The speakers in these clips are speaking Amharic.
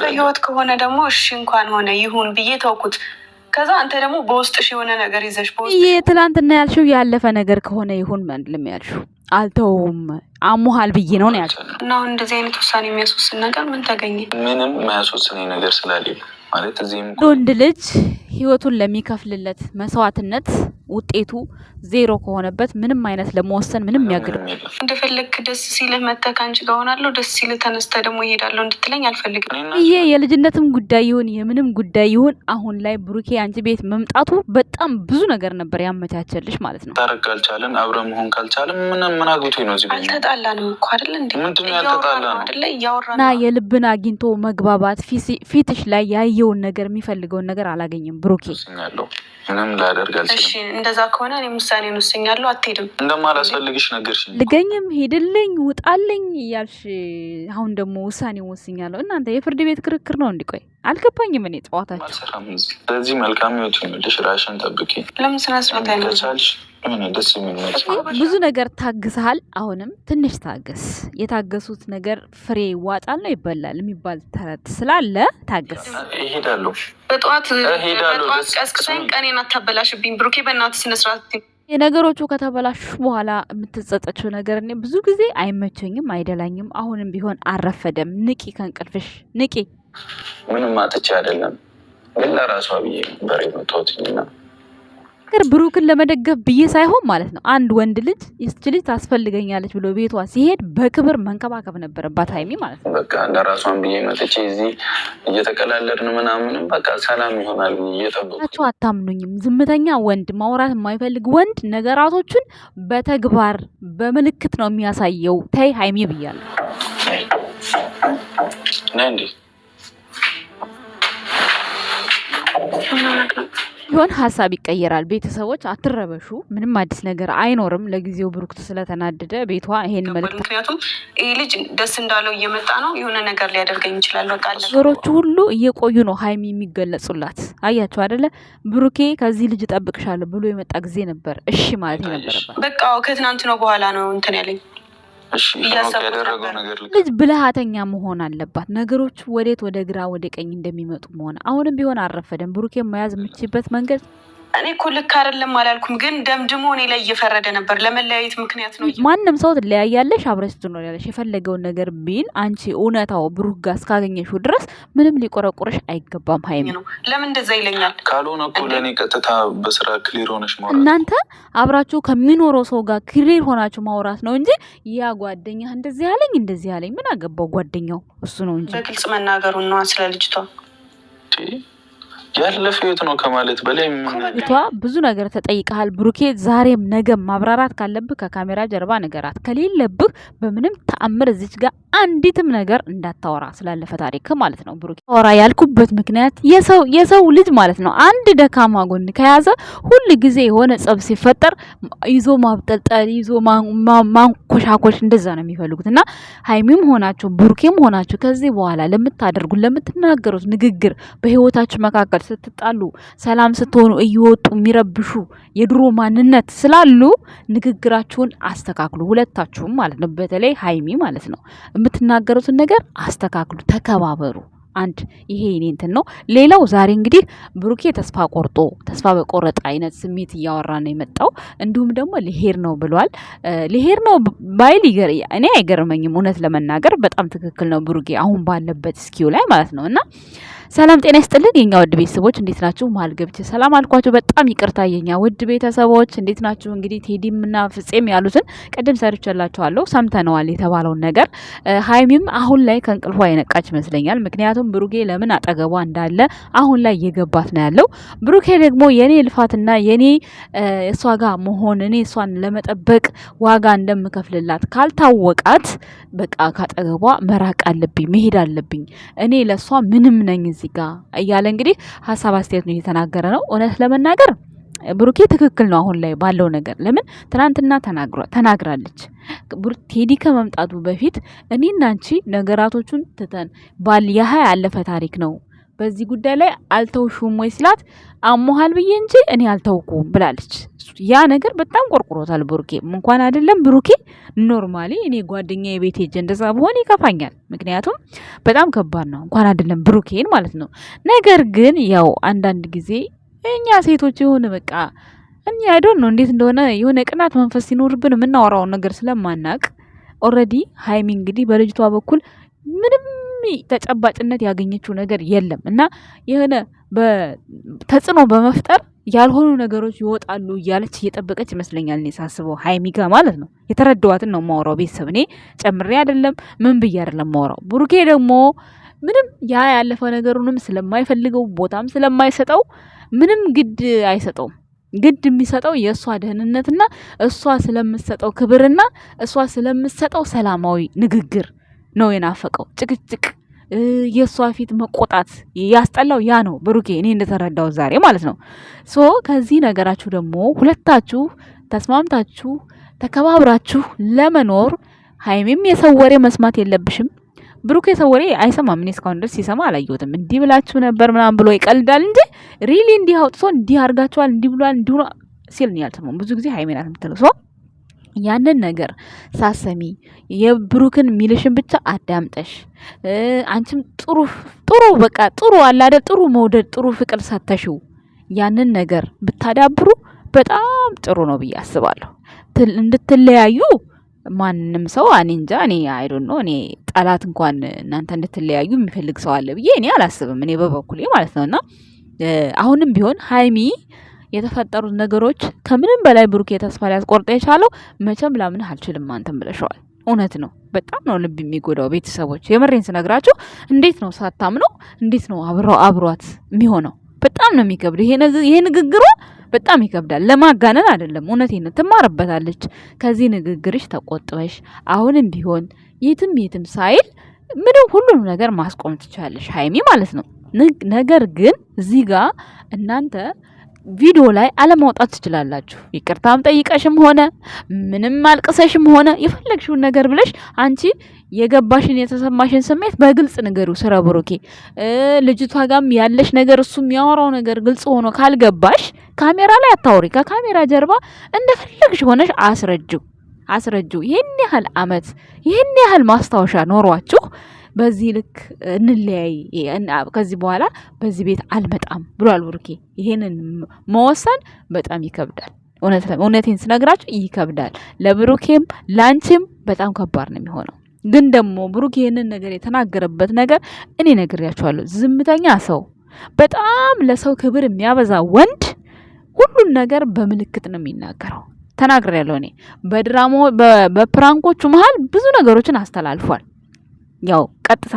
የፍቅር ህይወት ከሆነ ደግሞ እሺ እንኳን ሆነ ይሁን ብዬ ተውኩት። ከዛ አንተ ደግሞ በውስጥሽ የሆነ ነገር ይዘሽ ይህ ትላንትና ያልሽው ያለፈ ነገር ከሆነ ይሁን መልም ያልሽው አልተውም አሙሃል ብዬ ነው ያልሽው። እና አሁን እንደዚህ አይነት ውሳኔ የሚያስወስን ነገር ምን ተገኘ? ምንም የማያስወስን ነገር ስላለ ማለት እዚህም ወንድ ልጅ ህይወቱን ለሚከፍልለት መስዋዕትነት ውጤቱ ዜሮ ከሆነበት ምንም አይነት ለመወሰን ምንም ያግድ እንደፈለግክ ደስ ሲልህ መተህ ከአንቺ ጋር ሆናለሁ፣ ደስ ሲልህ ተነስተህ ደግሞ እሄዳለሁ እንድትለኝ አልፈልግም። ይሄ የልጅነትም ጉዳይ ይሁን የምንም ጉዳይ ይሁን አሁን ላይ ብሩኬ አንቺ ቤት መምጣቱ በጣም ብዙ ነገር ነበር ያመቻቸልሽ ማለት ነው። ታረግ ካልቻለን አብረ መሆን ካልቻለን ምን ምን አግኝቶ ነው እዚህ አልተጣላንም እኮ አይደለ እንዴ? ምንድነው ያልተጣላነው አይደለ? የልብን አግኝቶ መግባባት ፊትሽ ላይ ያየውን ነገር የሚፈልገውን ነገር አላገኘም ብሩኬ ምንም ላደርግ አልችልም። እንደዛ ከሆነ እኔም ውሳኔን ወስኛለሁ። አትሄድም፣ እንደማላስፈልግሽ ነገርሽኝ። ልገኝም፣ ሄድልኝ፣ ውጣልኝ እያልሽ አሁን ደግሞ ውሳኔ ወስኛለሁ። እናንተ የፍርድ ቤት ክርክር ነው እንዲቆይ አልገባኝም። እኔ ጠዋታቸው ስለዚህ መልካም ህይወት ይሁንልሽ፣ ራሽን ጠብቂ። ለምን ስነ ስርዓት ብዙ ነገር ታግሰሃል። አሁንም ትንሽ ታገስ። የታገሱት ነገር ፍሬ ይዋጣል ነው ይበላል የሚባል ተረት ስላለ ታገስ። እሄዳለሁ። በጠዋት በጠዋት ቀስቅሰኝ፣ ቀኔን አታበላሽብኝ። ብሩኬ በእናት ስነ የነገሮቹ ከተበላሹ በኋላ የምትጸጸችው ነገር እኔ ብዙ ጊዜ አይመቸኝም፣ አይደላኝም። አሁንም ቢሆን አረፈደም። ንቂ፣ ከእንቅልፍሽ ንቂ። ምንም አጥቼ አይደለም፣ ግን ለራሷ ብዬ ነበር የመጣሁትና ነገር ብሩክን ለመደገፍ ብዬ ሳይሆን ማለት ነው። አንድ ወንድ ልጅ ይህች ልጅ ታስፈልገኛለች ብሎ ቤቷ ሲሄድ በክብር መንከባከብ ነበረባት ሀይሚ ማለት ነው። በቃ ለራሷን ብዬ መጥቼ እዚህ እየተቀላለድን ምናምንም በቃ ሰላም ይሆናል እየጠበቁ አታምኑኝም። ዝምተኛ ወንድ፣ ማውራት የማይፈልግ ወንድ ነገራቶቹን በተግባር በምልክት ነው የሚያሳየው። ተይ ሀይሚ ብያለሁ። ይሆን ሀሳብ ይቀየራል። ቤተሰቦች አትረበሹ፣ ምንም አዲስ ነገር አይኖርም። ለጊዜው ብሩክት ስለተናደደ ቤቷ ይሄን መልክ ምክንያቱም ይህ ልጅ ደስ እንዳለው እየመጣ ነው፣ የሆነ ነገር ሊያደርገኝ ይችላል። በቃ ነገሮቹ ሁሉ እየቆዩ ነው ሀይሚ የሚገለጹላት። አያቸው አደለ? ብሩኬ ከዚህ ልጅ እጠብቅሻለሁ ብሎ የመጣ ጊዜ ነበር እሺ ማለት ነበረበት። በቃ ከትናንት ነው በኋላ ነው እንትን ያለኝ ልጅ ብልሃተኛ መሆን አለባት። ነገሮች ወዴት ወደ ግራ ወደ ቀኝ እንደሚመጡ መሆን አሁንም ቢሆን አልረፈደም። ብሩኬን መያዝ የምችበት መንገድ እኔ እኮ ልክ አይደለም አላልኩም፣ ግን ደምድሞ እኔ ላይ እየፈረደ ነበር። ለመለያየት ምክንያት ነው። ማንም ሰው ትለያያለሽ፣ አብረሽ ትኖሪያለሽ። የፈለገውን ነገር ቢል አንቺ እውነታው ብሩክ ጋር እስካገኘሽው ድረስ ምንም ሊቆረቁረሽ አይገባም። ሀይሚ ነው ለምን እንደዛ ይለኛል? ካልሆነ እኮ ለእኔ ቀጥታ በስራ ክሊር ሆነሽ ማውራት፣ እናንተ አብራችሁ ከሚኖረው ሰው ጋር ክሊር ሆናችሁ ማውራት ነው እንጂ ያ ጓደኛ እንደዚህ ያለኝ እንደዚህ ያለኝ ምን አገባው ጓደኛው እሱ ነው እንጂ በግልጽ መናገሩ ነዋ ስለ ልጅቷ ያለፈ ህይወት ነው ከማለት በላይ ቷ ብዙ ነገር ተጠይቀሃል ብሩኬ። ዛሬም ነገም ማብራራት ካለብህ ከካሜራ ጀርባ ነገራት፣ ከሌለብህ በምንም ተአምር እዚች ጋር አንዲትም ነገር እንዳታወራ ስላለፈ ታሪክ ማለት ነው። ብሩኬ ወራ ያልኩበት ምክንያት የሰው የሰው ልጅ ማለት ነው አንድ ደካማ ጎን ከያዘ ሁል ጊዜ የሆነ ጸብ ሲፈጠር ይዞ ማብጠልጠል ይዞ ማንኮሻኮሽ እንደዛ ነው የሚፈልጉት እና ሀይሚም ሆናችሁ ብሩኬም ሆናችሁ ከዚህ በኋላ ለምታደርጉት ለምትናገሩት ንግግር በህይወታችሁ መካከል ስትጣሉ፣ ሰላም ስትሆኑ እየወጡ የሚረብሹ የድሮ ማንነት ስላሉ ንግግራችሁን አስተካክሉ። ሁለታችሁም ማለት ነው። በተለይ ሀይሚ ማለት ነው የምትናገሩትን ነገር አስተካክሉ፣ ተከባበሩ። አንድ ይሄ እኔ እንትን ነው። ሌላው ዛሬ እንግዲህ ብሩኬ ተስፋ ቆርጦ ተስፋ በቆረጠ አይነት ስሜት እያወራ ነው የመጣው። እንዲሁም ደግሞ ልሄድ ነው ብሏል። ልሄድ ነው ባይል እኔ አይገርመኝም እውነት ለመናገር በጣም ትክክል ነው ብሩኬ አሁን ባለበት እስኪው ላይ ማለት ነው እና ሰላም ጤና ይስጥልን የኛ ውድ ቤተሰቦች እንዴት ናችሁ? መሀል ገብቼ ሰላም አልኳችሁ። በጣም ይቅርታ የኛ ውድ ቤተሰቦች እንዴት ናችሁ? እንግዲህ ቴዲም እና ያሉትን ቅድም ሰርቼላችኋለሁ፣ ሰምተነዋል የተባለውን ነገር። ሀይሚም አሁን ላይ ከእንቅልፏ የነቃች ይመስለኛል። ምክንያቱም ብሩኬ ለምን አጠገቧ እንዳለ አሁን ላይ እየገባት ነው ያለው። ብሩኬ ደግሞ የኔ ልፋትና የኔ እሷ ጋር መሆን እኔ እሷን ለመጠበቅ ዋጋ እንደምከፍልላት ካልታወቃት በቃ ካጠገቧ መራቅ አለብኝ መሄድ አለብኝ እኔ ለእሷ ምንም ነኝ እዚህ ጋር እያለ እንግዲህ ሀሳብ አስተያየት ነው እየተናገረ ነው። እውነት ለመናገር ብሩኬ ትክክል ነው አሁን ላይ ባለው ነገር። ለምን ትናንትና ተናግራለች። ቴዲ ከመምጣቱ በፊት እኔና አንቺ ነገራቶቹን ትተን ባል ያህ ያለፈ ታሪክ ነው በዚህ ጉዳይ ላይ አልተውሹም ወይ ስላት አሞሃል ብዬ እንጂ እኔ አልተውኩም ብላለች። አላችሁ። ያ ነገር በጣም ቆርቁሮታል። ብሩኬ እንኳን አይደለም ብሩኬ ኖርማሊ እኔ ጓደኛ የቤት ሄጄ እንደዛ ብሆን ይከፋኛል። ምክንያቱም በጣም ከባድ ነው። እንኳን አይደለም ብሩኬን ማለት ነው። ነገር ግን ያው አንዳንድ ጊዜ እኛ ሴቶች የሆነ በቃ እኛ አይደል ነው እንዴት እንደሆነ የሆነ ቅናት መንፈስ ሲኖርብን የምናወራውን ነገር ስለማናቅ ኦልሬዲ ሀይሚ እንግዲህ በልጅቷ በኩል ምንም ተጨባጭነት ያገኘችው ነገር የለም እና የሆነ ተጽዕኖ በመፍጠር ያልሆኑ ነገሮች ይወጣሉ እያለች እየጠበቀች ይመስለኛል። እኔ ሳስበው ሀይሚጋ ማለት ነው የተረዳዋትን ነው ማውራው። ቤተሰብ እኔ ጨምሬ አይደለም ምን ብዬ አይደለም ማውራው። ብሩኬ ደግሞ ምንም ያ ያለፈ ነገሩንም ስለማይፈልገው ቦታም ስለማይሰጠው ምንም ግድ አይሰጠውም። ግድ የሚሰጠው የእሷ ደህንነትና እሷ ስለምትሰጠው ክብርና እሷ ስለምትሰጠው ሰላማዊ ንግግር ነው የናፈቀው። ጭቅጭቅ፣ የእሷ ፊት መቆጣት ያስጠላው ያ ነው ብሩኬ፣ እኔ እንደተረዳው ዛሬ ማለት ነው። ሶ ከዚህ ነገራችሁ ደግሞ ሁለታችሁ ተስማምታችሁ ተከባብራችሁ ለመኖር ሀይሜም የሰው ወሬ መስማት የለብሽም። ብሩኬ የሰው ወሬ አይሰማም። እኔ እስካሁን ድረስ ሲሰማ አላየሁትም። እንዲህ ብላችሁ ነበር ምናምን ብሎ ይቀልዳል እንጂ ሪሊ እንዲህ አውጥቶ እንዲህ አድርጋችኋል፣ እንዲህ ብሏል፣ እንዲሁ ሲል ያልሰማም። ብዙ ጊዜ ሀይሜ ናት የምትለው ያንን ነገር ሳሰሚ የብሩክን ሚልሽን ብቻ አዳምጠሽ አንቺም ጥሩ ጥሩ በቃ ጥሩ አላደ ጥሩ መውደድ ጥሩ ፍቅር ሰተሽው ያንን ነገር ብታዳብሩ በጣም ጥሩ ነው ብዬ አስባለሁ። እንድትለያዩ ማንም ሰው እኔ እንጃ እኔ አይዶን ነው እኔ ጠላት እንኳን እናንተ እንድትለያዩ የሚፈልግ ሰው አለ ብዬ እኔ አላስብም። እኔ በበኩሌ ማለት ነውና አሁንም ቢሆን ሀይሚ የተፈጠሩት ነገሮች ከምንም በላይ ብሩኬ ተስፋ ሊያስቆርጠ የቻለው መቼም ላምንህ አልችልም አንተም ብለሸዋል። እውነት ነው። በጣም ነው ልብ የሚጎዳው። ቤተሰቦች የምሬን ስነግራቸው እንዴት ነው ሳታምነው እንዴት ነው አብሯት የሚሆነው? በጣም ነው የሚከብድ ይሄ ንግግሯ በጣም ይከብዳል። ለማጋነን አይደለም፣ እውነቴን ትማርበታለች። ከዚህ ንግግርሽ ተቆጥበሽ አሁንም ቢሆን የትም የትም ሳይል ምንም ሁሉንም ነገር ማስቆም ትችላለሽ ሀይሚ ማለት ነው። ነገር ግን እዚህ ጋር እናንተ ቪዲዮ ላይ አለማውጣት ትችላላችሁ። ይቅርታም ጠይቀሽም ሆነ ምንም አልቅሰሽም ሆነ የፈለግሽውን ነገር ብለሽ አንቺ የገባሽን የተሰማሽን ስሜት በግልጽ ነገሩ ስራ ብሩኬ ልጅቷ ጋም ያለሽ ነገር እሱ የሚያወራው ነገር ግልጽ ሆኖ ካልገባሽ ካሜራ ላይ አታውሪ። ከካሜራ ጀርባ እንደፈለግሽ ሆነሽ አስረጁ አስረጁ። ይህን ያህል አመት ይህን ያህል ማስታወሻ ኖሯችሁ በዚህ ልክ እንለያይ፣ ከዚህ በኋላ በዚህ ቤት አልመጣም ብሏል ብሩኬ። ይሄንን መወሰን በጣም ይከብዳል። እውነቴን ስነግራችሁ ይከብዳል። ለብሩኬም ላንቺም በጣም ከባድ ነው የሚሆነው። ግን ደግሞ ብሩኬ ይህንን ነገር የተናገረበት ነገር እኔ ነግሬያችኋለሁ። ዝምተኛ ሰው፣ በጣም ለሰው ክብር የሚያበዛ ወንድ ሁሉን ነገር በምልክት ነው የሚናገረው። ተናግሬያለሁ እኔ በድራማ በፕራንኮቹ መሀል ብዙ ነገሮችን አስተላልፏል። ያው ቀጥታ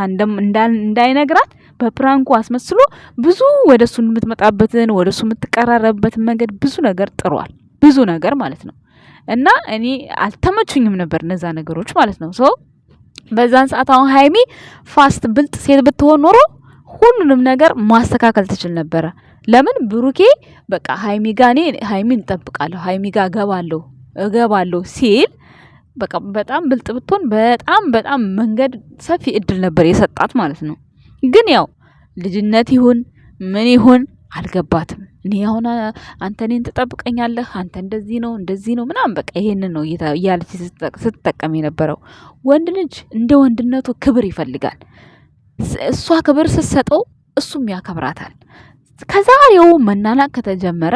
እንዳይነግራት በፕራንኩ አስመስሎ ብዙ ወደ እሱ የምትመጣበትን ወደ እሱ የምትቀራረብበትን መንገድ ብዙ ነገር ጥሯል። ብዙ ነገር ማለት ነው። እና እኔ አልተመቹኝም ነበር እነዛ ነገሮች ማለት ነው። ሰው በዛን ሰዓት አሁን ሀይሚ ፋስት ብልጥ ሴት ብትሆን ኖሮ ሁሉንም ነገር ማስተካከል ትችል ነበረ። ለምን ብሩኬ በቃ ሀይሚ ጋ እኔ ሀይሚ እንጠብቃለሁ ሀይሚ ጋ እገባለሁ እገባለሁ ሲል በቃ በጣም ብልጥ ብትሆን በጣም በጣም መንገድ ሰፊ እድል ነበር የሰጣት ማለት ነው። ግን ያው ልጅነት ይሁን ምን ይሁን አልገባትም። እኔ አሁን አንተ እኔን ትጠብቀኛለህ፣ አንተ እንደዚህ ነው እንደዚህ ነው ምናምን በቃ ይሄንን ነው እያለች ስትጠቀም የነበረው። ወንድ ልጅ እንደ ወንድነቱ ክብር ይፈልጋል። እሷ ክብር ስትሰጠው እሱም ያከብራታል። ከዛሬው መናናቅ ከተጀመረ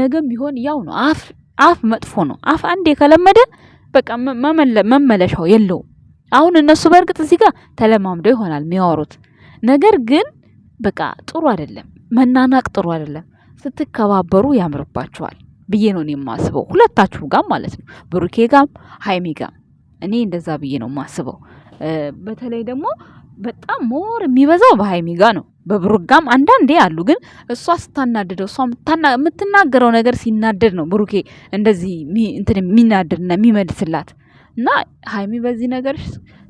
ነገም ቢሆን ያው ነው። አፍ አፍ መጥፎ ነው። አፍ አንዴ ከለመደ በቃ መመለሻው የለውም። አሁን እነሱ በእርግጥ እዚህ ጋር ተለማምደው ይሆናል የሚያወሩት ነገር ግን በቃ ጥሩ አይደለም፣ መናናቅ ጥሩ አይደለም። ስትከባበሩ ያምርባቸዋል ብዬ ነው የማስበው ሁለታችሁ ጋም ማለት ነው፣ ብሩኬ ጋም ሀይሚ ጋም እኔ እንደዛ ብዬ ነው የማስበው። በተለይ ደግሞ በጣም ሞር የሚበዛው በሀይሚ ጋ ነው። በብሩጋም አንዳንዴ አሉ። ግን እሷ ስታናድደው እሷ የምትናገረው ነገር ሲናደድ ነው ብሩኬ እንደዚህ እንትን የሚናደድና የሚመልስላት እና ሀይሚ በዚህ ነገር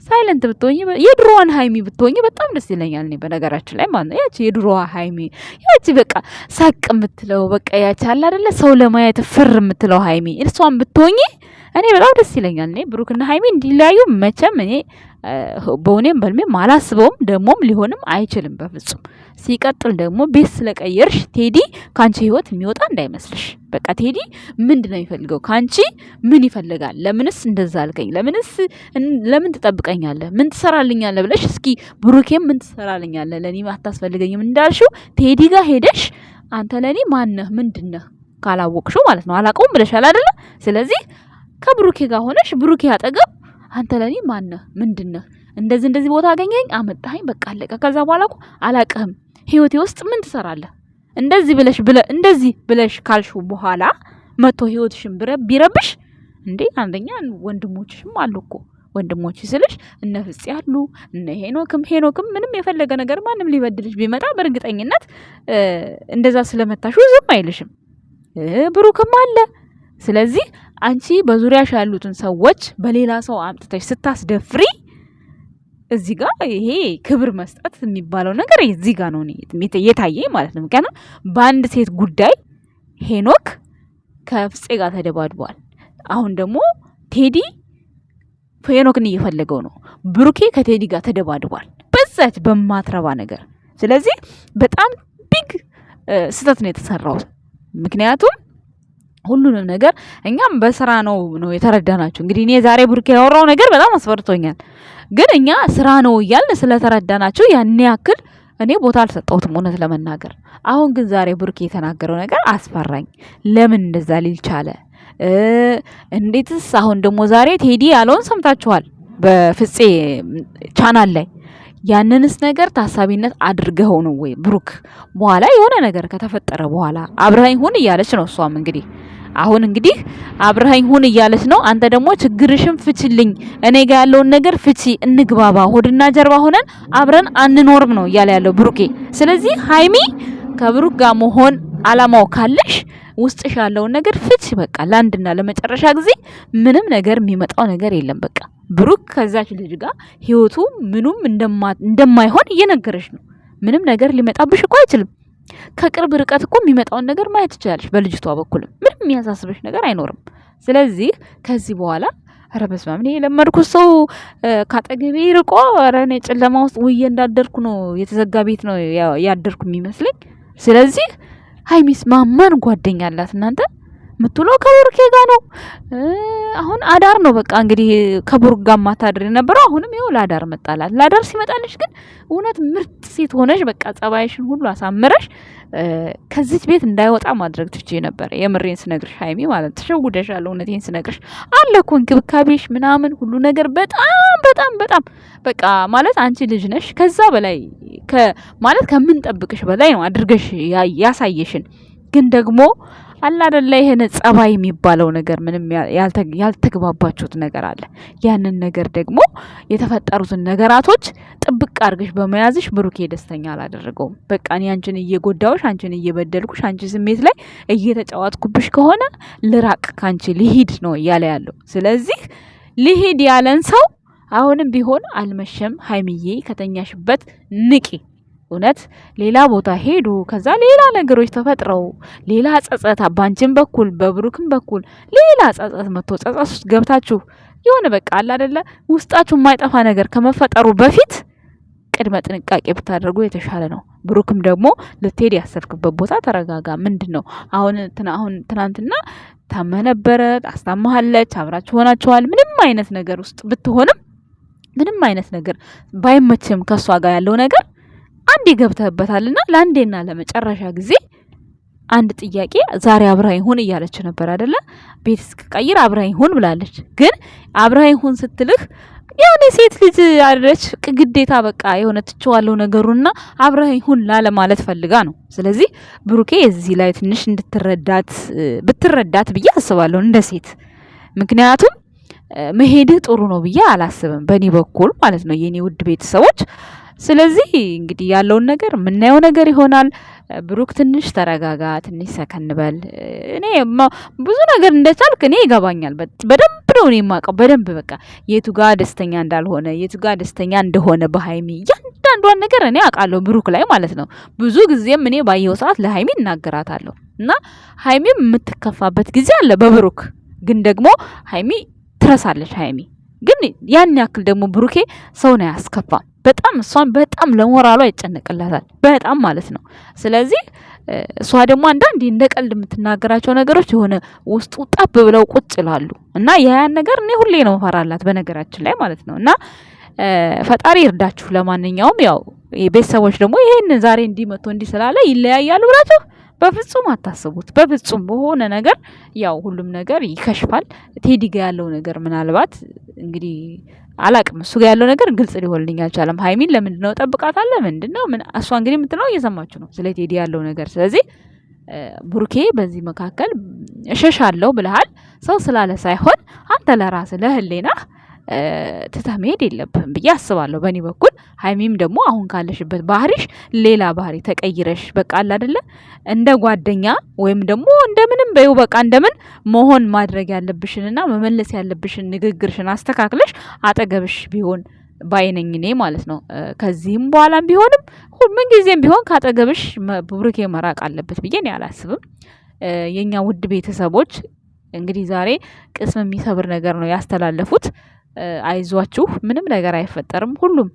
ሳይለንት ብትሆኝ የድሮዋን ሀይሚ ብትሆኝ በጣም ደስ ይለኛል። እኔ በነገራችን ላይ ማለት ነው ያቺ የድሮዋ ሀይሚ ያቺ በቃ ሳቅ የምትለው በቃ ያቺ አለ ሰው ለማየት ፍር የምትለው ሀይሚ እሷን ብትሆኝ እኔ በጣም ደስ ይለኛል። እኔ ብሩክና ሀይሚ እንዲለያዩ መቼም እኔ በእውኔም በልሜም አላስበውም፣ ደግሞም ሊሆንም አይችልም በፍጹም። ሲቀጥል ደግሞ ቤት ስለቀየርሽ ቴዲ ከአንቺ ህይወት የሚወጣ እንዳይመስልሽ። በቃ ቴዲ ምንድን ነው የሚፈልገው ከአንቺ? ምን ይፈልጋል? ለምንስ እንደዛ አልከኝ? ለምንስ ለምን ትጠብቀኛለህ? ምን ትሰራልኛለህ ብለሽ እስኪ ብሩኬም ምን ትሰራልኛለህ ለእኔ አታስፈልገኝም እንዳልሽው ቴዲ ጋር ሄደሽ አንተ ለእኔ ማነህ ምንድነህ ካላወቅሽው ማለት ነው አላቀውም ብለሻል አይደለ? ስለዚህ ከብሩኬ ጋር ሆነሽ ብሩኬ አጠገብ አንተ ለኔ ማነህ ምንድነህ? እንደዚህ እንደዚህ ቦታ አገኘኝ አመጣኸኝ፣ በቃ አለቀ። ከዛ በኋላ እኮ አላቅህም፣ ህይወቴ ውስጥ ምን ትሰራለህ? እንደዚህ ብለሽ ብለ እንደዚህ ብለሽ ካልሽው በኋላ መጥቶ ህይወትሽን ቢረብሽ እንዴ! አንደኛ ወንድሞችሽም አሉ እኮ ወንድሞች ስልሽ እነ ፍጽ ያሉ እነ ሄኖክም ሄኖክም ምንም የፈለገ ነገር ማንም ሊበድልሽ ቢመጣ በእርግጠኝነት እንደዛ ስለመታሹ ዝም አይልሽም። ብሩክም አለ። ስለዚህ አንቺ በዙሪያሽ ያሉትን ሰዎች በሌላ ሰው አምጥተሽ ስታስደፍሪ እዚህ ጋር ይሄ ክብር መስጠት የሚባለው ነገር እዚህ ጋር ነው የታየኝ ማለት ነው። ምክንያቱም በአንድ ሴት ጉዳይ ሄኖክ ከፍፄ ጋር ተደባድቧል። አሁን ደግሞ ቴዲ ሄኖክን እየፈለገው ነው። ብሩኬ ከቴዲ ጋር ተደባድቧል በዛች በማትረባ ነገር። ስለዚህ በጣም ቢግ ስህተት ነው የተሰራው ምክንያቱም ሁሉንም ነገር እኛም በስራ ነው ነው የተረዳናችሁ። እንግዲህ እኔ ዛሬ ብሩክ ያወራው ነገር በጣም አስፈርቶኛል፣ ግን እኛ ስራ ነው እያልን ስለተረዳናችሁ ያን ያክል እኔ ቦታ አልሰጠሁትም እውነት ለመናገር። አሁን ግን ዛሬ ብሩክ የተናገረው ነገር አስፈራኝ። ለምን እንደዛ ሊል ቻለ? እንዴትስ? አሁን ደግሞ ዛሬ ቴዲ ያለውን ሰምታችኋል በፍፄ ቻናል ላይ ያንንስ ነገር ታሳቢነት አድርገኸው ነው ወይ ብሩክ? በኋላ የሆነ ነገር ከተፈጠረ በኋላ አብረሃኝ ሁን እያለች ነው። እሷም እንግዲህ አሁን እንግዲህ አብረሃኝ ሁን እያለች ነው። አንተ ደግሞ ችግርሽን ፍችልኝ፣ እኔ ጋር ያለውን ነገር ፍቺ፣ እንግባባ፣ ሆድና ጀርባ ሆነን አብረን አንኖርም ነው እያለ ያለው ብሩኬ። ስለዚህ ሀይሚ ከብሩክ ጋር መሆን አላማው ካለሽ ውስጥሽ ያለውን ነገር ፍች በቃ ለአንድና ለመጨረሻ ጊዜ ምንም ነገር የሚመጣው ነገር የለም። በቃ ብሩክ ከዛች ልጅ ጋር ህይወቱ ምኑም እንደማይሆን እየነገረች ነው። ምንም ነገር ሊመጣብሽ እኮ አይችልም። ከቅርብ ርቀት እኮ የሚመጣውን ነገር ማየት ትችላለች በልጅቷ በኩልም ምንም የሚያሳስበች ነገር አይኖርም። ስለዚህ ከዚህ በኋላ ኧረ በስመ አብ እኔ የለመድኩት ሰው ካጠገቤ ርቆ ኧረ እኔ ጨለማ ውስጥ ውዬ እንዳደርኩ ነው የተዘጋ ቤት ነው ያደርኩ የሚመስለኝ። ስለዚህ ሀይሚስ ማማን ጓደኛ አላት እናንተ የምትውለው ከቡርኬ ጋር ነው። አሁን አዳር ነው በቃ እንግዲህ ከቡርክ ጋር ማታድር የነበረው አሁንም ይኸው ለአዳር መጣላት። ለአዳር ሲመጣልሽ ግን እውነት ምርጥ ሴት ሆነሽ በቃ ጸባይሽን ሁሉ አሳምረሽ ከዚች ቤት እንዳይወጣ ማድረግ ትች ነበር። የምሬን ስነግርሽ ሀይሚ ማለት ተሸውደሻል። እውነቴን ስነግርሽ አለ እኮ እንክብካቤሽ ምናምን ሁሉ ነገር በጣም በጣም በጣም በቃ ማለት አንቺ ልጅ ነሽ ከዛ በላይ ማለት ከምንጠብቅሽ በላይ ነው አድርገሽ ያሳየሽን ግን ደግሞ አላ ይሄን ጸባይ የሚባለው ነገር ምንም ያልተግባባችሁት ነገር አለ። ያንን ነገር ደግሞ የተፈጠሩትን ነገራቶች ጥብቅ አድርገሽ በመያዝሽ ብሩኬ ደስተኛ አላደረገውም። በቃ እኔ አንቺን እየጎዳውሽ፣ አንቺን እየበደልኩሽ፣ አንቺ ስሜት ላይ እየተጫወትኩብሽ ከሆነ ልራቅ፣ ካንቺ ልሂድ ነው እያለ ያለው። ስለዚህ ልሂድ ያለን ሰው አሁንም ቢሆን አልመሸም። ሀይምዬ ከተኛሽበት ንቂ። እውነት ሌላ ቦታ ሄዱ። ከዛ ሌላ ነገሮች ተፈጥረው ሌላ ጸጸት ባንቺም በኩል በብሩክም በኩል ሌላ ጸጸት መጥቶ ጸጸት ውስጥ ገብታችሁ የሆነ በቃ አለ አይደለ ውስጣችሁ የማይጠፋ ነገር ከመፈጠሩ በፊት ቅድመ ጥንቃቄ ብታደርጉ የተሻለ ነው። ብሩክም ደግሞ ልትሄድ ያሰብክበት ቦታ ተረጋጋ። ምንድን ነው አሁን አሁን ትናንትና ታመህ ነበረ፣ አስታመሃለች፣ አብራችሁ ሆናችኋል። ምንም አይነት ነገር ውስጥ ብትሆንም ምንም አይነት ነገር ባይመችም ከእሷ ጋር ያለው ነገር አንዴ ገብተህበታልና ለአንዴና ለመጨረሻ ጊዜ አንድ ጥያቄ ዛሬ አብረኸኝ ሁን እያለች ነበር አይደለ? ቤት እስክቀይር አብረኸኝ ሁን ብላለች። ግን አብረኸኝ ሁን ስትልህ ያኔ ሴት ልጅ አደረች ግዴታ በቃ የሆነ ነገሩና አብረኸኝ ሁን ላለ ማለት ፈልጋ ነው። ስለዚህ ብሩኬ እዚህ ላይ ትንሽ እንድትረዳት ብትረዳት ብዬ አስባለሁ እንደ ሴት። ምክንያቱም መሄድህ ጥሩ ነው ብዬ አላስብም፣ በእኔ በኩል ማለት ነው የእኔ ውድ ቤተሰቦች ስለዚህ እንግዲህ ያለውን ነገር የምናየው ነገር ይሆናል። ብሩክ ትንሽ ተረጋጋ፣ ትንሽ ሰከንበል። እኔ ብዙ ነገር እንደቻልክ እኔ ይገባኛል። በደንብ ነው እኔ የማውቀው በደንብ በቃ የቱ ጋ ደስተኛ እንዳልሆነ የቱ ጋ ደስተኛ እንደሆነ በሀይሚ እያንዳንዷን ነገር እኔ አውቃለሁ። ብሩክ ላይ ማለት ነው። ብዙ ጊዜም እኔ ባየው ሰዓት ለሀይሚ እናገራታለሁ እና ሀይሚም የምትከፋበት ጊዜ አለ በብሩክ ግን ደግሞ ሀይሚ ትረሳለች። ሀይሚ ግን ያን ያክል ደግሞ ብሩኬ ሰውን አያስከፋም። በጣም እሷን በጣም ለሞራሏ ይጨነቅላታል። በጣም ማለት ነው። ስለዚህ እሷ ደግሞ አንዳንድ እንደ ቀልድ የምትናገራቸው ነገሮች የሆነ ውስጡ ጠብ ብለው ቁጭ ይላሉ እና ያያን ነገር እኔ ሁሌ ነው ፈራላት በነገራችን ላይ ማለት ነው እና ፈጣሪ እርዳችሁ። ለማንኛውም ያው ቤተሰቦች ደግሞ ይሄንን ዛሬ እንዲመቶ እንዲህ ስላለ ይለያያሉ ብላችሁ በፍጹም አታስቡት። በፍጹም በሆነ ነገር ያው ሁሉም ነገር ይከሽፋል። ቴዲ ጋ ያለው ነገር ምናልባት እንግዲህ አላቅም እሱ ጋር ያለው ነገር ግልጽ ሊሆንልኝ አልቻለም። ሀይሚን ለምንድን ነው ጠብቃታለህ? ምንድን ነው ምን? እሷ እንግዲህ የምትለው እየሰማችሁ ነው ስለ ቴዲ ያለው ነገር። ስለዚህ ቡርኬ በዚህ መካከል እሸሻለሁ ብለሃል። ሰው ስላለ ሳይሆን አንተ ለራስ ለህሌናህ ትተ መሄድ የለብህም ብዬ አስባለሁ። በእኔ በኩል ሀይሚም ደግሞ አሁን ካለሽበት ባህሪሽ ሌላ ባህሪ ተቀይረሽ በቃ አለ አደለ እንደ ጓደኛ ወይም ደግሞ እንደምንም በይው በቃ እንደምን መሆን ማድረግ ያለብሽንና መመለስ ያለብሽን ንግግርሽን አስተካክለሽ አጠገብሽ ቢሆን ባይነኝ እኔ ማለት ነው። ከዚህም በኋላም ቢሆንም ምንጊዜም ቢሆን ካጠገብሽ ብሩኬ መራቅ አለበት ብዬ እኔ አላስብም። የእኛ ውድ ቤተሰቦች እንግዲህ ዛሬ ቅስም የሚሰብር ነገር ነው ያስተላለፉት። አይዟችሁ ምንም ነገር አይፈጠርም። ሁሉም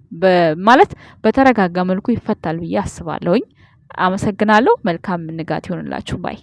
ማለት በተረጋጋ መልኩ ይፈታል ብዬ አስባለሁኝ። አመሰግናለሁ። መልካም ንጋት ይሆንላችሁ ባይ